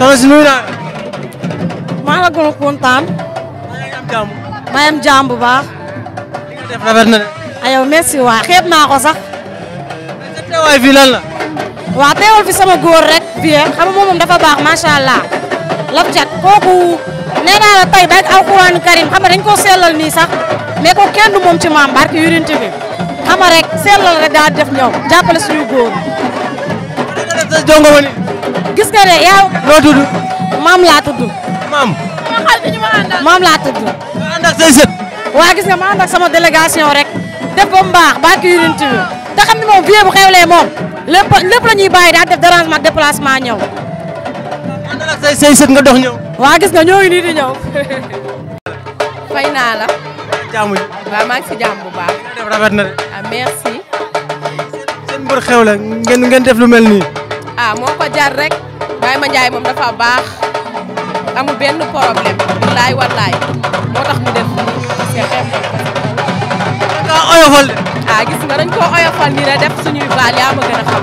soxna si nuyu naa maa la gën a kontaan. maa ngi am baax. li nga waa xeeb naa ko sax. sa teewaay fii lan la. waa fi sama góor rek. bien xam nga moom dafa baax macha allah. laf jag kooku nee la tey beeg alquran karim xam nga dañ koo sellal nii sax mais ko kenn du moom ci maam barke yurinti bi xam nga rek sellal rek daal def ñëw jàppale suñu góor. sa gis nga de yaa noo tudd maam laa tudd maam maam laa tudd nga ànd ak say sët waa gis nga ma ànd sama délégation rek def ko mbaax barki yunit te xam ne moom vie bu xewlee moom lépp lépp la ñuy bàyyi daal def dérangement déplacement ñëw ànd ak say say nga dox ñëw waa gis nga ñoo ngi nii di ñëw fay naa la jàmm ji waaw maa ngi si jàmm bu baax def rafet na de ah, merci seen mbër xew la ngeen ngeen def lu mel nii ah moo ko jar rek Baye Mandiaye moom dafa baax amul benn problème billaay wallaay moo tax mu def lii nga oyofal de. ah gis nga dañ ko oyofal nii la def suñuy baal a xam.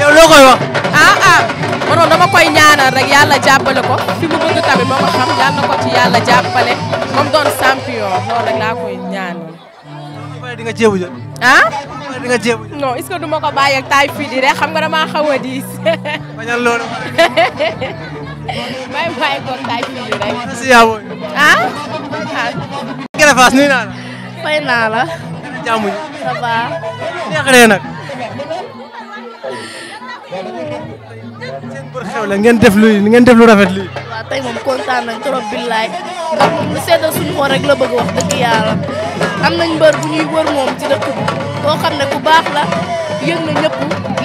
yow ah ah man dama koy ñaanal rek yàlla jàppale ko fi mu bëgg tamit moo ko xam yàlla ko ci yàlla jàppale moom doon champion loolu rek laa koy ñaanal. di nga jot. ah. di nga jéem non est-ce que du ma ko bàyyi ak taay fii di rek xam nga damaa xaw a diis. bañal loolu. may bàyyi ko taay fii di rek. merci yaboy. ah. Kéré Fass nuyu naa la. fay naa la. jàmm ji. ça va. neexalee nag. seen bër xew la ngeen def luy ngeen def lu rafet lii. waaw tey moom kontaan nañ trop billaay. ndax moom lu sedd suñu xol rek la bëgg wax dëgg yàlla. am nañ mbër bu ñuy wër moom ci dëkk bi koo xam ne ku baax la yëg na ñëpp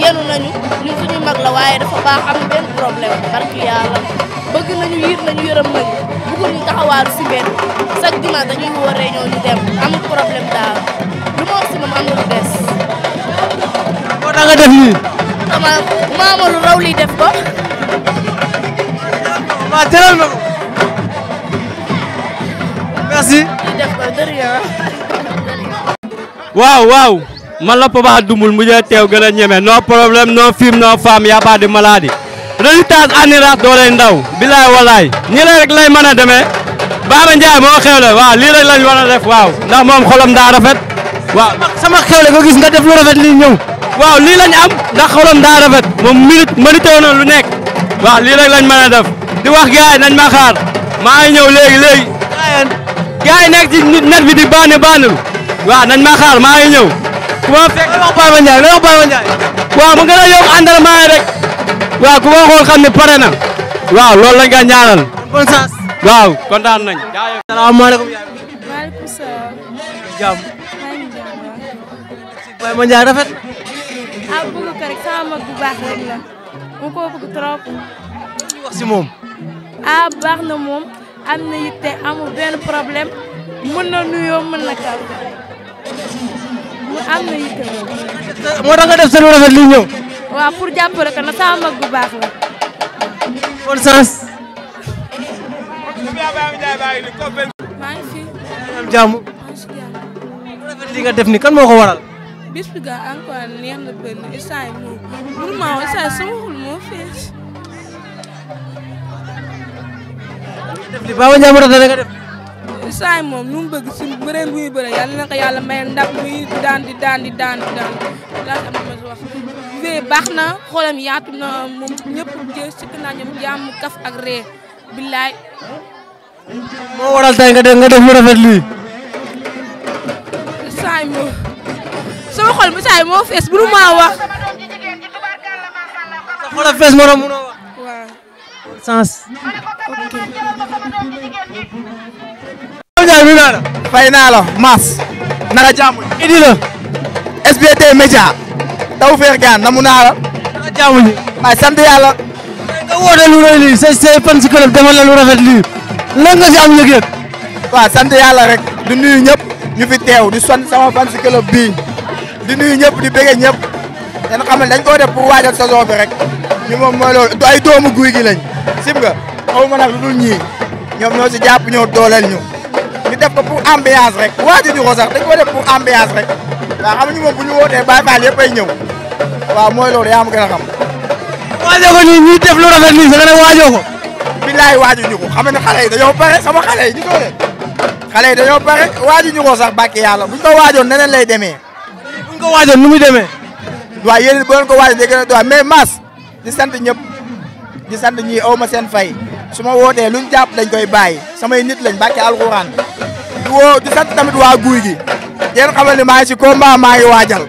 yenu nañu ñun suñu mag la waaye dafa baax am benn problème barki yàlla bëgg nañu yiir nañu yërëm nañu bëggul ñu taxawaaru si benn chaque dimanche dañuy woo réunion ñu dem amul problème daal lu ma si moom am na des. moo tax def nii. dama maama raw liy def ko. waaw jëlal na waaw waaw man la Papa Doumbou mu jël teew gën a ñeme no problème no film no femme y a pas de maladie. résultat année race doole ndaw bilaay walaay nii la rek lay mën a demee Baba moo xewle waaw lii rek lañ war a def waaw ndax moom xolam daa rafet waaw. sama xewle ko nga def lu rafet lii ñëw. waaw lii lañ am ndax xolam daa rafet moom minute mérité na lu nekk waaw lii rek lañ mën a def di wax gars nañ ma xaar maa ngi ñëw léegi léegi. gars yi nekk ci net bi di baanu baanu waaw nañ ma xaar maa ngi ñëw. ku fekk wax Baye Mandiaye lay mu gën a yokk entraînement rek. waaw ku ma xool xam pare na. waaw loolu lañ nga ñaanal. bon sens. waaw kontaan nañ. salaamaaleykum. maaleykum salaam. jàmm. Baye Mandiaye rafet. ah bëgg ko rek sama mag bu baax rek la. mu ko bëgg trop. wax si moom. ah baax na moom. am na yitte amul benn problème mën na nuyoo mën na kaw mu am na yitte moom. moo tax nga def seen rafet li ñëw. waaw pour jàppale ko na sama mag bu baax la. bon sens. maa ngi li nga def ni kan moo ko waral. bis bi nga encore neex na benn instant yi moom. pour ma instant sama xol moo fees. def li Baba Ndiaye moo tax dana nga def. saay moom lu mu bëgg suñu bëreen bu ñu bëree yàlla na ko yàlla mayal ndax muy daan di daan di daan di daan daal am na ma wax fee baax na xoolam yaatu na moom ñëpp jë sikk naa ñoom jàmm kaf ak ree billaay moo waral tey nga def nga def lu rafet lii saay moom sama xol bi saay moo fees bu nu maa wax sa xol a fees moo sens. fay naa la Mass. naka jaamu idi la. SBT Média. Tawfekh Gane namu naa la. naka jaamu ji. waaye sant yàlla. nga woote lu rëy lii say say fan si club la lu lii. lan nga si am yëg-yëg. waaw sant yàlla rek. di nuyu ñëpp ñu fi teew di son sama fan si club bii. di nuyu ñëpp di bëggee ñëpp. dañ xamal dañ koo def pour waajal saison rek. ñu moom mooy loolu ay doomu guy gi lañ. sib nga xaw ma nag lu dul ñii ñoom ñoo si jàpp ñoo dooleel ñu ñu def ko pour rek waaju ñu ko sax dañ ko def pour ambiance rek waaw xamuñu moom bu ñu wootee Baye Fall yëpp ay ñëw waaw mooy loolu yaa ma gën a xam waajoo ko nii ñuy def lu rafet nii sax nag doole xale yi dañoo pare waaju ñu ko sax bàkki yàlla buñ ko waajoon neneen lay demee buñ ko waajoon nu muy demee waaw yéen boo leen ko waajoon day gën a mais Mass di sant ñëpp di sant ñii aw ma seen fay su ma wootee luñ jàpp dañ koy bàyyi samay nit lañ barke alxuraan di woo di tamit waa guy gi yéen xamal ni maa ngi si combat maa ngi waajal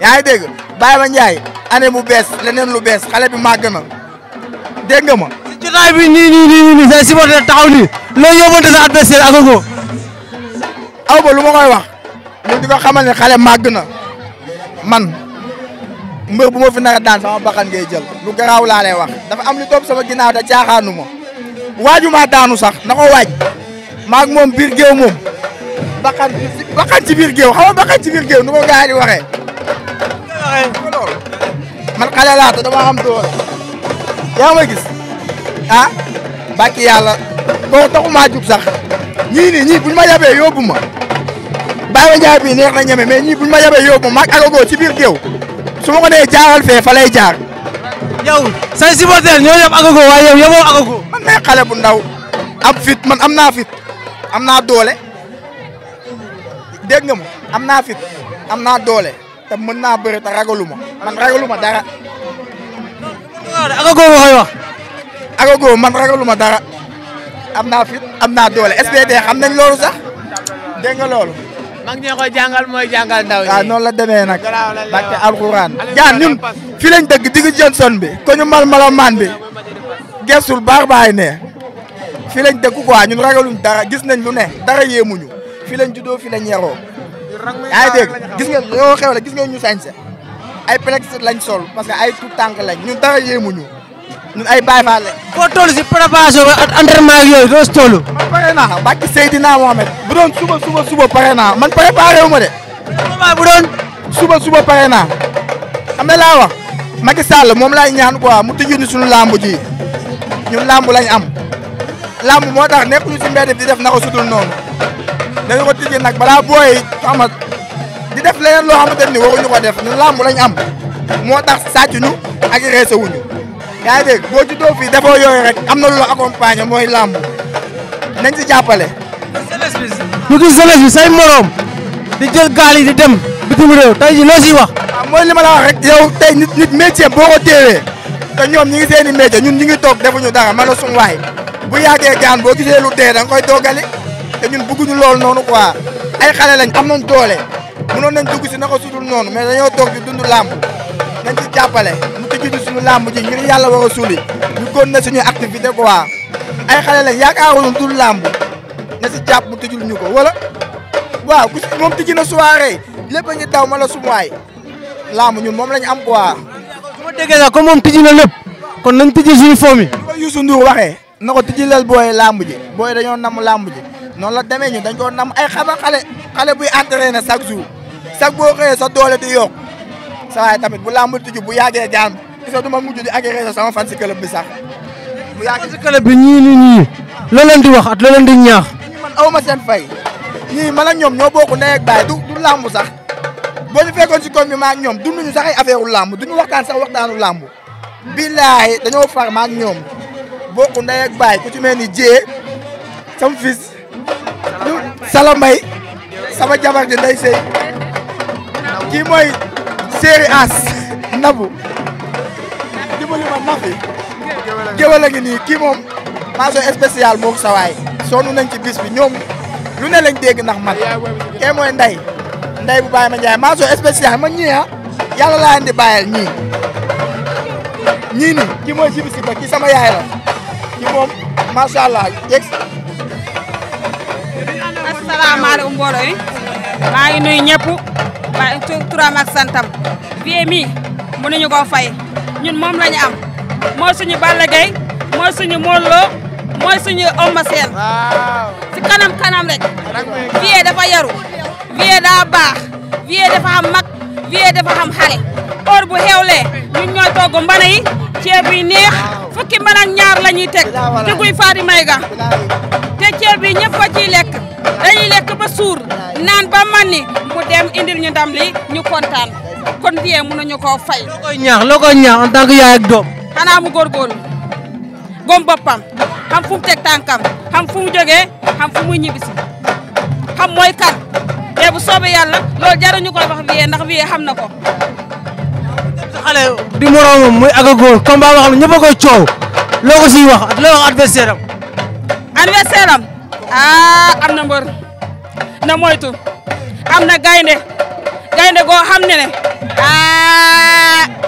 yaa ngi dégg Baye ma Ndiaye année bu bees leneen lu bees xale bi màgg na dégg nga ma. si jotaay bi nii nii nii nii taxaw ni looy yóbbante sa adversaire Agogo. aw ba lu ma koy wax ñun di xamal ne xale màgg na man. mbër bu ma fi nar a daan sama bakkan ngay jël lu garaaw laa dafa am lu topp sama ginnaaw da caaxaanu ma waaju sax na ko waaj maag moom biir géew moom bakkan bakkan ci biir géew xam nga ci biir géew nu ko gars yi di waxee man xale laa te dama xam doole yaa ma gis ah bàkki yàlla kooku taxu maa jug sax ñii nii ñii buñ ma yabee yóbbu ma bàyyi ma njaay na ñeme mais ñii buñ ma yabee yóbbu ma maag ci biir géew su ma ko nee jaaral fee fa lay jaar. yow say supporter ñoo yem Agogo waaye yow yemoo Agogo. man nee xale bu ndaw am fit man am naa fit am naa doole dégg nga ma am naa fit am naa doole te mën naa bëre ragalu ma man ragalu ma dara. Agogo ma man ragalu ma dara am naa fit am naa doole SBT xam nañ loolu sax dégg nga loolu. mag ñee koy jàngal mooy jàngal ah, noonu la demee nag. barke alxuraan. jaan ñun fi lañ dëgg diggu Johnson bi. ko ñu mal mala maan bi. gestul baax baay ne. fi lañ dëgg quoi ñun ragaluñ dara gis nañ lu ne. dara yéemuñu. fi lañ juddoo fi lañ yeroo. yaa ngi dégg gis nga yoo xew la gis nga ñu sañse ay plex lañ sol parce que ay tout tànk lañ ñun dara yéemuñu ñun ay baay faal lañ. foo toll si préparation ak pare naa bàcc Seydina Mohamed bu doon suba suba suba pare naa man préparé wu ma de. bu doon. suba suba pare naa xam nga ma wax Macky Sall moom laay ñaan quoi mu tijji ni suñu làmb ji ñun làmb lañ am làmb moo tax nekk ñu si di def naka sutul noonu dañu ko tijji nag balaa booy xam nga di def leneen loo xamante ni waruñu ko def ñun làmb lañ am moo tax sàcc ñu ak reesewuñu yaa ngi dégg boo juddoo fii defoo yooyu rek am na lu la accompagner mooy làmb. nañ si jàppale. ñu gis jeunesse bi say morom di jël gaal yi di dem bitim réew tey jii loo siy wax. waaw ah, mooy li ma la wax rek yow tey nit nit métier boo ko téewee te ñi ngi seen i métier ñun ñi ngi toog defuñu dara ma la suñu waay bu yàggee gaan boo gisee lu dee da nga koy doggali te ñun bëgguñu loolu noonu quoi ay xale lañ am nañ doole mënoon nañ dugg si naka sudul noonu mais dañoo toog di dund làmb nañ ci jàppale mu tëjji suñu làmb ji ngir yàlla war a suuli ñu ay xale lañ yaakaaroon dul làmb na si jàpp mu tëjul ñu ko wala waaw ku moom tijji na soirée lépp a ngi daw ma la sumuwaay làmb ñun moom lañ am quoi. su ma déggee nag comme moom tijji na lépp kon nañ tijji suñu foom yi. ko Youssou Ndour waxee na ko tijjilal làmb ji booy dañoo nam làmb ji noonu la demee ñu dañ koo nam ay xaba xale xale buy entraîné chaque jour chaque sa doole di yokk sa waaye tamit bu làmb tijji bu yàggee jaan gis nga du ma mujj di agréé sama fan si bi sax. mu yaakaar si club bi ñii nii ñii loo di wax at loo di ñaax. man aw ma ñii man ñoom ñoo bokk ndey ak du du làmb sax boo ñu fekkoon si koñ bi ma ak ñoom dunduñu sax ay affaire làmb duñu waxtaan sax waxtaanu làmb. billaahi dañoo far ma ak ñoom bokk ndey ak ku ci mel ni Dieng sam fils Salamay sama jabar di ndey sey kii mooy Séeri As Nabu dimbali ma Nafi. géwal a ngi nii kii moom mention spéciale sawaay sonn nañ ci bis bi ñoom lu ne lañ dégg ndax man kee mooy nday nday bu bàyyi ma njaay mention spéciale man ñii ah yàlla laa leen di bàyyil ñii ñii ni ki ba ki sama yaay la ki moom macha allah yegg asalaamaaleykum mbooloo yi maa ngi nuyu ñëpp waaye turam ak santam vie mi mënuñu koo fay ñun moom lañu am mooy suñu Balla mooy suñu Modou mooy suñu Eumeu Sène rek Vieux dafa yaru Vieux daa baax Vieux dafa xam mag Vieux dafa xam xale heure bu xewlee ñun ñooy togg mbana yi ceeb yi fukki mban ak ñaar la ñuy teg teguy faari may ga te ceeb bi ñëpp a ciy lekk dañuy lekk ba suur naan ba manni mu dem indil ñu ndam ñu kontaan kon Vieux mën nañu koo fay. loo ñaax loo ñaax en tant que yaay xanaa mu góorgóorlu gom boppam xam fu mu teg tànkam xam fu mu jógee muy ñibbisi xam mooy kan te bu soobee yàlla loolu jaruñu koy wax bi yee ndax bi na ko. xale di muy ak a góor combat boo xam ne coow loo ko wax ak loo wax adversaire ah, am. na mbër na moytu am na gaynde gaynde goo xam ne ne ah.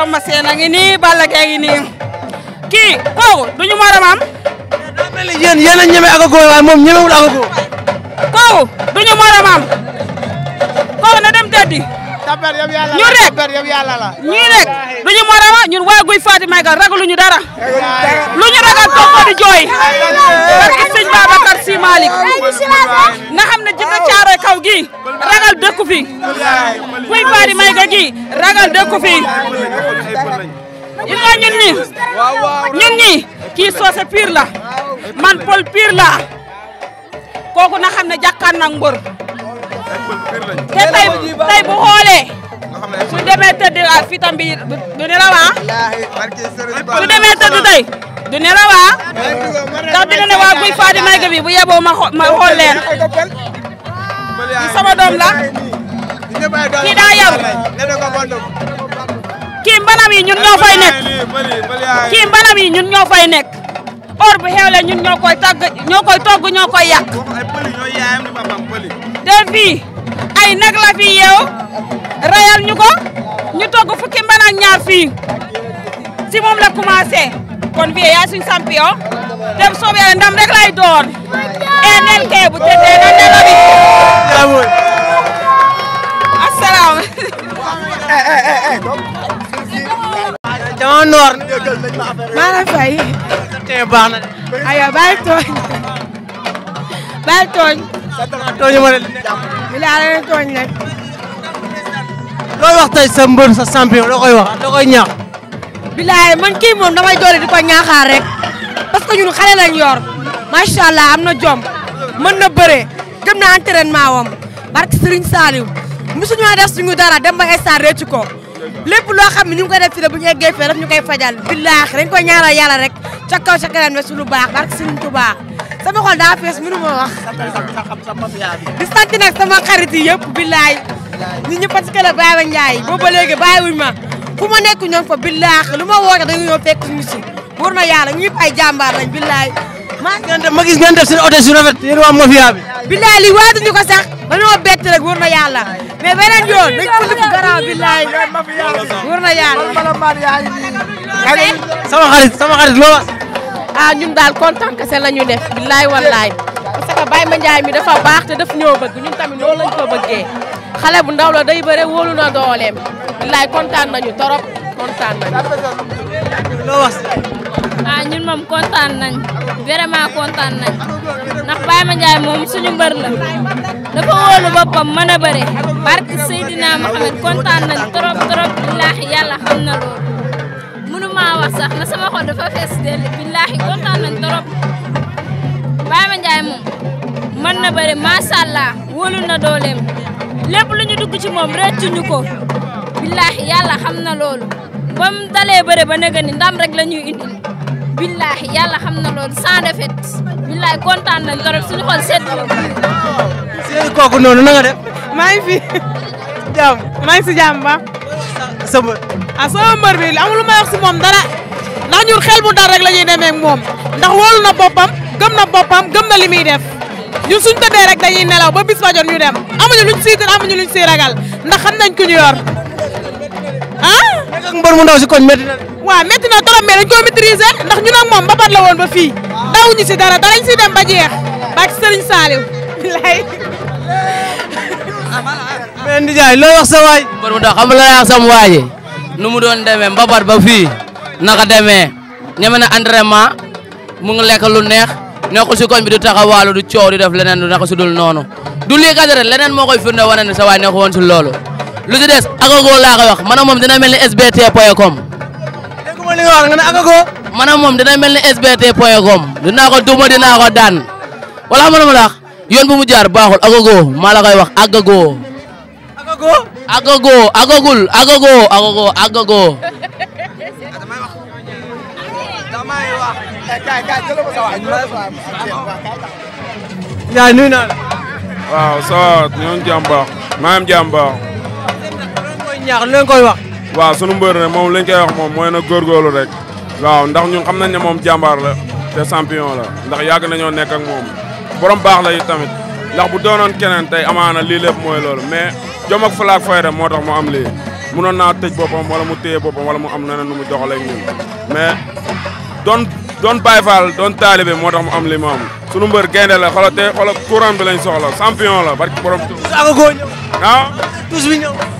Eumeu Sène a Balla Gaye kii kooku duñu moromam. daa mel ni yéen yéen a ñeme Agogo waaye moom ñemewul Agogo. kooku duñu moromam kooku dem tëddi. tabet yow yàlla la ñun rek tabet rek du ñu morama ñun waa guy Fatou Magal ragaluñu dara. lu ragal toog di jooy. barke sëñ Babacar Si Malick na xam ne jënd caaroy kaw gi ragal dëkku fi. guy Fatou Magal gi ragal dëkku fi. il nga ñun ñi ñun ñi kii soose pire la man pol pire la kooku na xam ne jàkkaan nag te tey tey bu xoolee su demee tëdd fii tam bi du nelaw ah su demee tëdd tey du nelaw ah ndax dina ne waa guy faati mayga bu yeboo ma ma xool sama doom la kii daa yaru kii mbalam yi ñun ñoo fay nekk kii mbalam ñun ñoo fay or bu xewle ñun ñoo koy togg ñoo koy togg ñoo koy ay nag la fi rayal ñu ñu togg fukki mban ñaar fii si moom la commencé kon fii yaay suñu champion te bu soobee yàlla ndam rek lay doon. NNK bu tëddee na ne la asalaam. Eh, eh, eh, dama noor. maa la fay. baax na de. aywa bàyyi tooñ. bàyyi tooñ. tooñu ma de. bilaa la tooñ nag. looy wax tey sa mbër sa champion loo koy wax loo koy bilaay man kii moom damay doole di ko ñaaxaar rek parce que ñun xale lañ macha allah am na jom mën na bëre gëm na entraînement wam barke Serigne Saliou mosuñu def suñu dara dem ba stade réccu ko. lépp loo xam ne ñu ngi koy def fi la bu ñu eggee fee daf ñu koy fajal billaahi dañ koy ñaanal yàlla rek ca kaw ca kanam ne su lu baax barke Sëriñ Tuubaa sama xol daa fees mënu ma wax di sant nag sama xarit yi yëpp billaahi ñi ñëpp parce que la Baba Ndiaye booba léegi bàyyiwuñ ma fu ma nekk ñoom fa billaahi lu ma woote dañu ñëw fekk ñu si wóor na yàlla ñu ñëpp ay jàmbaar lañ billaahi ma gis ngeen def seen oto si rafet yéen waa mafia bi billaahi li waatuñu ko sax dañoo bett rek wóor na yàlla mais beneen yoon dañ def garaaw bi laay wóor na yàlla. sama xarit sama xarit ah, ñun daal kontaan kese la ñu billaay wallaay parce que Baye Mandiaye mi dafa baax te daf ñoo bëgg ñun tamit loolu lañ ko bëggee xale bu ndaw la day bëre wóolu na dooleem billaay kontaan nañu torop kontaan nañu. loo wax. ah ñun moom kontaan nañ vraiment kontaan nañ ndax Baye Mandiaye moom suñu mbër la. dafa wóolu boppam mën a bëre barke Seydina Mohamed kontaan nañ trop trop billaahi yàlla xam na loolu mënu maa wax sax na sama xol dafa fees dell billaahi kontaan nañ trop moom mën na bëre macha wóolu na dooleem lépp ñu dugg ci moom rëccuñu ko billaahi yàlla xam na loolu ba mu dalee bëre ba nëgë ni ndam rek la ñuy indil billaahi yàlla xam na loolu sans défaite billaahi kontaan nañ torop suñu xol sedd na. seen kooku noonu na nga def. maa ngi fi jàmm maa ngi si jàmm ba. sa mbër. ah sama mbër lu may wax si moom dara ndax ñun xel bu dal rek la ñuy demee moom ndax wóolu na boppam gëm na boppam gëm na li muy def ñun suñ tëddee rek dañuy nelaw ba bis ba jot ñu dem amuñu luñ siy luñ siy ndax xam nañ ku ñu yor ah. mu ndaw si koñ métti na waa métti na trop mais dañ ko maîtriser ndax ñun ak moom mbapat la woon ba fii dawuñu si dara darañ si dem ba jeex sëriñ Saaliw lay loo wax sa waay mbër mu xam la wax sam waaji nu mu doon demee mbapat ba fii naka demee ñeme na entraînement mu ngi lekk lu neex nekkul si koñ bi du taxawaalu du coow di def leneen du naka su dul noonu dul lii kat leneen moo koy firnde wane ne sa waay nekkul woon si loolu lu ci des akagoo laa koy wax man moom dina mel ni sbt point li nga wax nga ne akako. man ak moom mel ni sbt point com dinaa ko duma dinaa ko daan wala ma ne ma la wax yoon bu mu jaar baaxul akako maa la koy wax akako. akako akako akagul akako akako akako. yaa koy wax. waaw sunu mbër ne moom lañ koy wax moom mooy na góorgóorlu rek waaw ndax ñun xam nañ ne moom jàmbaar la te champion ndax yàgg nañoo nekk ak moom borom baax la yi tamit ndax bu doonoon keneen tey amaana lii lépp mooy loolu mais jom ak fulaak fayda moo tax mu am lii munoon naa tëj boppam wala mu téye boppam wala mu am neneen nu mu doxalee ak ñun mais doon doon Baay doon taalibe moo tax mu am li mu sunu mbër gaynde la xoolal tey xoolal lañ soxla champion la barki borom. Ah? tous ak a